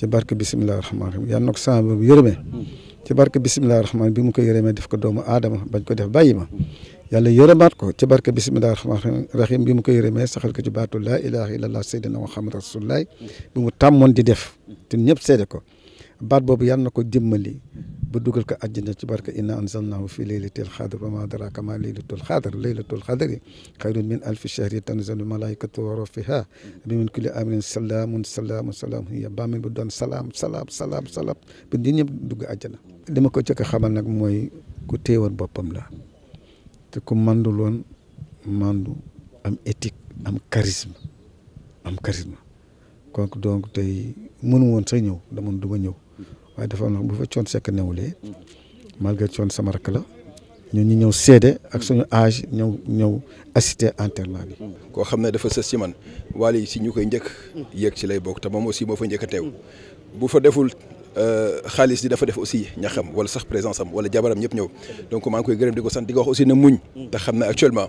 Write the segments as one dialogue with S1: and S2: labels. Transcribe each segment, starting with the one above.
S1: ci barke bisimilah rahmaani rahiim yal na ko sama borom yërëmee ci barke bisimilah rahmaani bi mu ko yërëmee def ko doomu aadama bañ ko def bàyyi ma yàlla yërëmaat ko ci barke bisimilah rahmaani rahiim bi mu ko yërëmee saxal ko ci baatu laa ilaha illallah sayyidina muhammad rasulullah bi mu tàmmoon di def te ñëpp seede ko baat boobu yal na ko dimbali بدوغل كا اجنا تبارك ان انزلناه في ليله الخدر وما دراك ما ليله الخدر ليله الخدر خير من الف شهر تنزل الملائكه وروا فيها بمن كل امر سلام سلام سلام هي بام بدون سلام سلام سلام سلام بدني بدوغ اجنا لما كنت خبال نك موي كو تيور بوبام لا تكون ماندولون ماندو ام اتيك ام كاريزما ام كاريزما كونك دونك تي مونو وون سي نيو دا مون دوما نيو waaye dafa am bu fa coon sekk newulee malgré coon sama rakk la ñun ñu ñëw seede ak suñu âge ñëw ñëw assister enterrement bi.
S2: koo xam ne dafa sa ci man waal yi si ñu koy njëkk. yéeg ci lay bokk te moom aussi moo fa njëkk a teew. bu fa deful euh, xaalis di dafa def aussi ñaxam wala sax présence am wala jabaram ñëpp ñëw donc maa ngi koy gërëm di ko sant di ko wax aussi na muñ. te xam na actuellement.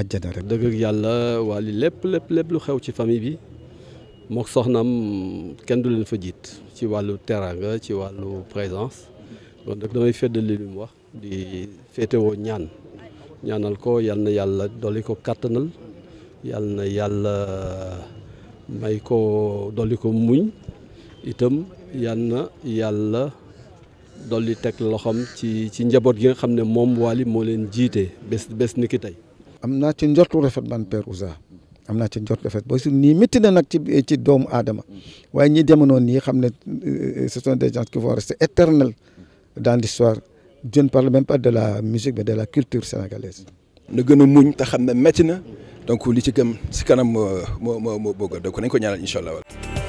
S1: àjjana rek. dëgg
S3: yàlla waa lépp lépp lépp lu xew ci famille bi mook soxnaam kenn du leen fa jiit ci wàllu teraanga ci wàllu présence kon nag damay feddali li mu wax di féetewoo ñaan ñaanal ko yal yàlla dolli ko kàttanal yal na yàlla may ko dolli ko muñ itam yal na yàlla dolli teg loxoom ci ci njaboot gi nga xam ne moom Wally moo leen jiite bés bés ni ki tey
S1: am naa ci njortu rafet man Père Ousa am naa ci njort rafet ba su nii métti na nag ci ci doomu aadama waaye ñi demoon nii xam ne euh, ce sont des gens qui vont rester éternels dans l'histoire jeune ne parle même pas de la musique de la culture sénégalaise.
S2: na gën a muñ te xam ne métti na donc li ci gëm si kanam euh, moo moo moo bëgg donc nañ ko ñaanal incha